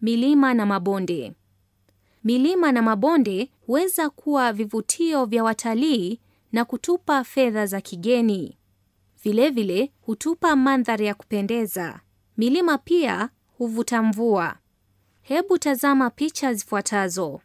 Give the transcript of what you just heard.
Milima na mabonde. Milima na mabonde huweza kuwa vivutio vya watalii na kutupa fedha za kigeni. Vilevile vile, hutupa mandhari ya kupendeza. Milima pia huvuta mvua. Hebu tazama picha zifuatazo.